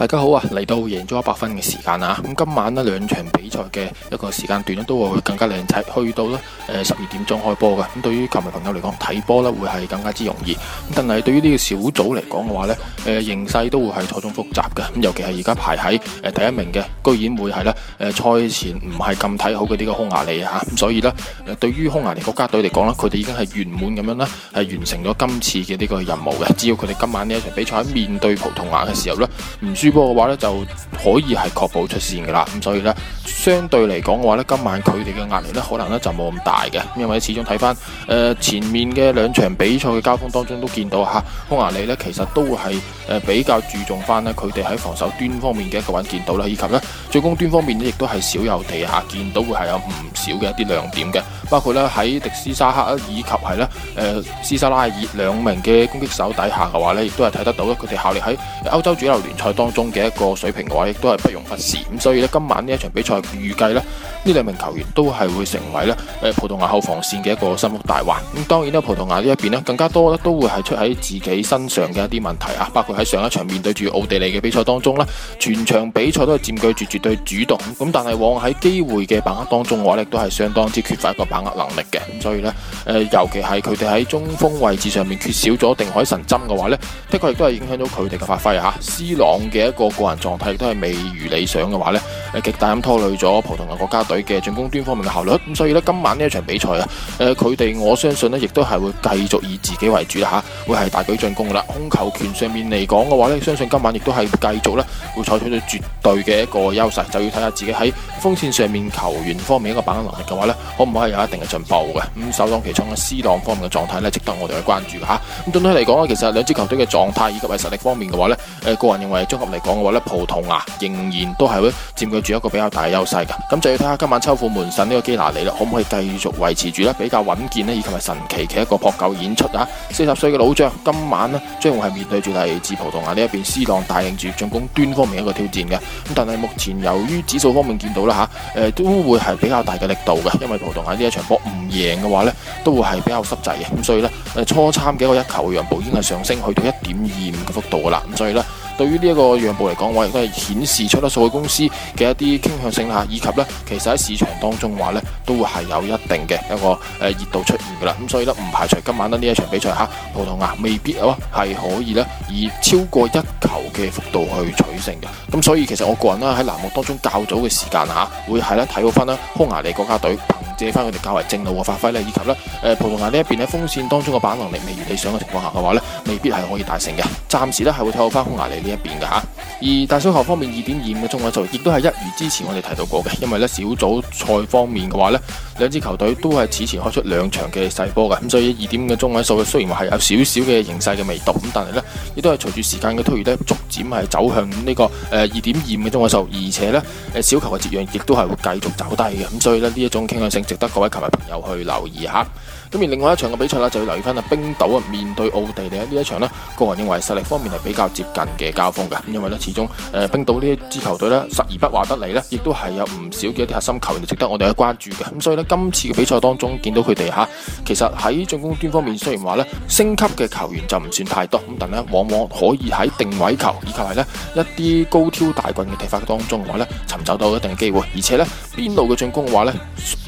大家好啊！嚟到贏足 100FUN 嘅時間啊。咁今晚呢兩場比賽嘅一個時間段咧都會更加靚仔，去到呢誒十二點鐘開波嘅。咁對於球迷朋友嚟講，睇波呢會係更加之容易。咁但係對於呢個小組嚟講嘅話呢，誒形勢都會係錯綜複雜嘅。咁尤其係而家排喺誒第一名嘅，居然會係呢誒賽前唔係咁睇好佢呢個匈牙利嚇。咁所以呢，誒對於匈牙利國家隊嚟講呢，佢哋已經係圓滿咁樣咧係完成咗今次嘅呢個任務嘅。只要佢哋今晚呢一場比賽喺面對葡萄牙嘅時候呢，唔輸波嘅話咧就可以係確保出線噶啦，咁所以咧相對嚟講嘅話咧，今晚佢哋嘅壓力咧可能咧就冇咁大嘅，因為始終睇翻誒前面嘅兩場比賽嘅交鋒當中都見到吓，匈牙利咧其實都會係誒、呃、比較注重翻咧佢哋喺防守端方面嘅一個揾見到啦，以及咧進攻端方面咧亦都係少有地下見到會係有唔少嘅一啲亮點嘅。包括咧喺迪斯沙克以及係咧，誒斯沙拉爾兩名嘅攻擊手底下嘅話咧，亦都係睇得到咧，佢哋效力喺歐洲主流聯賽當中嘅一個水平，嘅話亦都係不容忽視。咁所以咧，今晚呢一場比賽預計咧，呢兩名球員都係會成為咧，誒葡萄牙後防線嘅一個心腹大患。咁當然啦，葡萄牙呢一邊呢更加多咧都會係出喺自己身上嘅一啲問題啊，包括喺上一場面對住奧地利嘅比賽當中咧，全場比賽都係佔據住絕對主動，咁但係往往喺機會嘅把握當中，嘅話咧都係相當之缺乏一個把握。握能力嘅，咁所以咧，誒、呃，尤其係佢哋喺中鋒位置上面缺少咗定海神針嘅話咧，的確亦都係影響到佢哋嘅發揮吓。C 朗嘅一個個人狀態亦都係未如理想嘅話咧，極極大咁拖累咗葡萄牙國家隊嘅進攻端方面嘅效率，咁所以呢，今晚呢一場比賽啊，佢哋我相信呢亦都係會繼續以自己為主啦嚇，會係大舉進攻啦，控球權上面嚟講嘅話呢，相信今晚亦都係繼續呢會採取到絕對嘅一個優勢，就要睇下自己喺鋒線上面球員方面一個把握能力嘅話呢，可唔可以有一定嘅進步嘅？咁首當其衝嘅 C 朗方面嘅狀態呢，值得我哋去關注吓。咁總體嚟講呢，其實兩支球隊嘅狀態以及係實力方面嘅話呢，誒個人認為綜合嚟講嘅話呢，葡萄牙仍然都係會佔據。住一個比較大優勢噶，咁就要睇下今晚秋副門神呢個基拿里啦，可唔可以繼續維持住咧？比較穩健呢？以及係神奇嘅一個撲救演出啊！四十歲嘅老將今晚呢將會係面對住嚟自葡萄牙呢一邊 C 朗帶領住進攻端方面一個挑戰嘅。咁但係目前由於指數方面見到啦吓，誒都會係比較大嘅力度嘅，因為葡萄牙呢一場波唔贏嘅話呢，都會係比較濕滯嘅。咁所以呢，誒初參嘅一個一球讓步已經係上升去到一點二五嘅幅度噶啦。咁所以呢。對於呢一個讓步嚟講，話亦都係顯示出啦數據公司嘅一啲傾向性吓，以及呢其實喺市場當中話呢都係有一定嘅一個誒熱度出現噶啦。咁所以呢唔排除今晚咧呢一場比賽吓，葡萄牙未必喎係可以呢以超過一球嘅幅度去取勝嘅。咁所以其實我個人呢喺藍幕當中較早嘅時間嚇，會係咧睇好翻啦，匈牙利國家隊。借翻佢哋較為正路嘅發揮咧，以及咧，誒、呃、葡萄牙呢一邊喺鋒線當中嘅把握能力未如理想嘅情況下嘅話咧，未必係可以大勝嘅。暫時咧係會睇好翻匈牙利呢一邊嘅嚇、啊。而大小球方面，二點二五嘅中位數亦都係一如之前我哋提到過嘅，因為咧小組賽方面嘅話咧，兩支球隊都係此前開出兩場嘅細波嘅，咁所以二點五嘅中位數雖然話係有少少嘅形勢嘅味道，咁但係咧亦都係隨住時間嘅推移咧，逐漸係走向呢、這個誒二點二五嘅中位數，而且咧誒小球嘅折讓亦都係會繼續走低嘅，咁所以呢，呢一種傾向性。值得各位球迷朋友去留意吓。咁而另外一場嘅比賽啦，就要留意翻啊！冰島啊面對奧地利呢一場呢，個人認為實力方面係比較接近嘅交鋒㗎，因為呢始終誒冰島呢一支球隊呢，實而不華得嚟呢，亦都係有唔少嘅一啲核心球員值得我哋去關注嘅。咁所以呢，今次嘅比賽當中見到佢哋吓，其實喺進攻端方面雖然話呢，星級嘅球員就唔算太多，咁但呢往往可以喺定位球以及係呢一啲高挑大棍嘅踢法當中嘅話咧，尋找到一定嘅機會，而且呢，邊路嘅進攻嘅話咧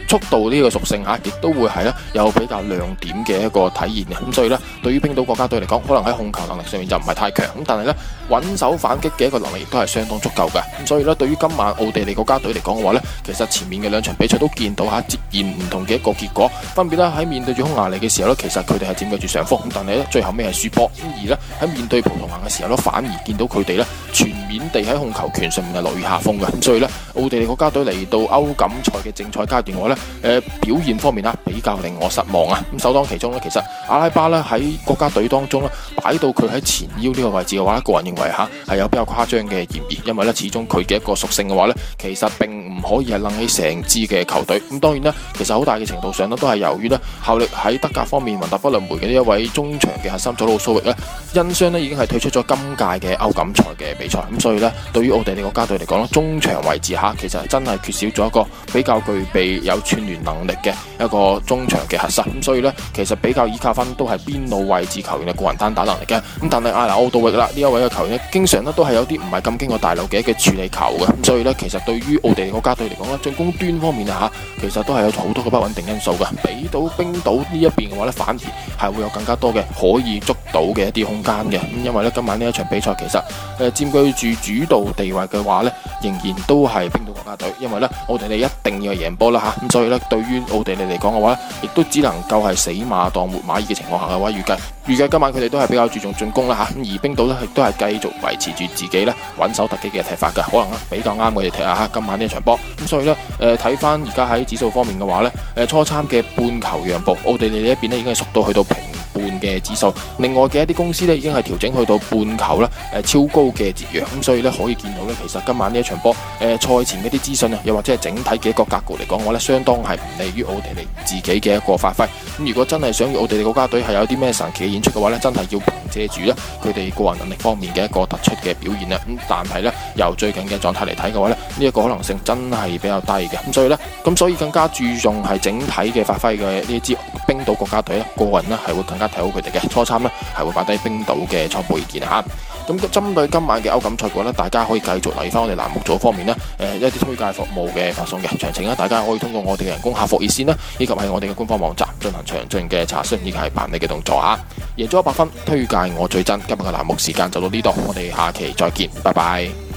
速。到呢個屬性嚇，亦都會係咧有比較亮點嘅一個體現嘅，咁所以呢，對於冰島國家隊嚟講，可能喺控球能力上面就唔係太強，咁但係咧，穩守反擊嘅一個能力亦都係相當足夠嘅，咁所以呢，對於今晚奧地利國家隊嚟講嘅話呢，其實前面嘅兩場比賽都見到嚇，截然唔同嘅一個結果，分別呢，喺面對住匈牙利嘅時候呢，其實佢哋係佔據住上風，但係咧最後尾係輸波，而呢，喺面對葡萄牙嘅時候呢，反而見到佢哋咧全面地喺控球權上面係落於下風嘅，所以咧。奧地利國家隊嚟到歐錦賽嘅正賽階段嘅話咧，誒、呃、表現方面啊，比較令我失望啊。咁首當其衝咧，其實阿拉巴咧喺國家隊當中咧擺到佢喺前腰呢個位置嘅話，個人認為嚇係有比較誇張嘅嫌疑，因為咧始終佢嘅一個屬性嘅話咧，其實並可以係楞起成支嘅球隊，咁當然啦，其實好大嘅程度上咧，都係由於咧效力喺德甲方面雲達不萊梅嘅呢一位中場嘅核心左魯蘇域呢，因傷咧已經係退出咗今屆嘅歐錦賽嘅比賽，咁所以呢，對於奧地利國家隊嚟講中場位置嚇其實真係缺少咗一個比較具備有串聯能力嘅一個中場嘅核心，咁所以呢，其實比較倚靠翻都係邊路位置球員嘅個人單打能力嘅，咁但係啊拿奧杜域啦呢一位嘅球員咧，經常咧都係有啲唔係咁經過大腦嘅一個處理球嘅，咁所以呢，其實對於奧地利國家相對嚟講咧，進攻端方面啊吓，其實都係有好多嘅不穩定因素嘅，俾到冰島呢一邊嘅話咧，反而係會有更加多嘅可以捉島嘅一啲空間嘅，咁因為咧今晚呢一場比賽其實誒佔據住主導地位嘅話呢，仍然都係冰島國家隊，因為呢奧地利一定要贏波啦吓。咁所以呢，對於奧地利嚟講嘅話，亦都只能夠係死馬當活馬醫嘅情況下嘅話，預計預計今晚佢哋都係比較注重進攻啦嚇，而冰島呢，亦都係繼續維持住自己呢穩守突擊嘅踢法嘅，可能比較啱我哋踢吓，今晚呢一場波，咁所以呢，睇翻而家喺指數方面嘅話呢，初參嘅半球讓步，奧地利呢一邊呢，已經係縮到去到平。半嘅指數，另外嘅一啲公司咧已經係調整去到半球啦，誒超高嘅折讓，咁所以咧可以見到咧，其實今晚呢一場波誒賽前嘅啲資訊啊，又或者係整體嘅一個格局嚟講嘅話咧，相當係唔利於奧地利自己嘅一個發揮。咁如果真係想要奧地利國家隊係有啲咩神奇嘅演出嘅話咧，真係要憑藉住咧佢哋個人能力方面嘅一個突出嘅表現啦。咁但係咧由最近嘅狀態嚟睇嘅話咧，呢、這、一個可能性真係比較低嘅。咁所以咧咁所以更加注重係整體嘅發揮嘅呢一支冰島國家隊啦，個人咧係會更。家睇好佢哋嘅初參呢係會擺低冰島嘅初步意見啊！吓咁針對今晚嘅歐錦賽果咧，大家可以繼續留意翻我哋欄目組方面呢誒、呃、一啲推介服務嘅發送嘅詳情啊，大家可以通過我哋嘅人工客服熱線啦，以及係我哋嘅官方網站進行詳盡嘅查詢以及係辦理嘅動作啊！贏足 100FUN 推介我最真，今日嘅欄目時間就到呢度，我哋下期再見，拜拜。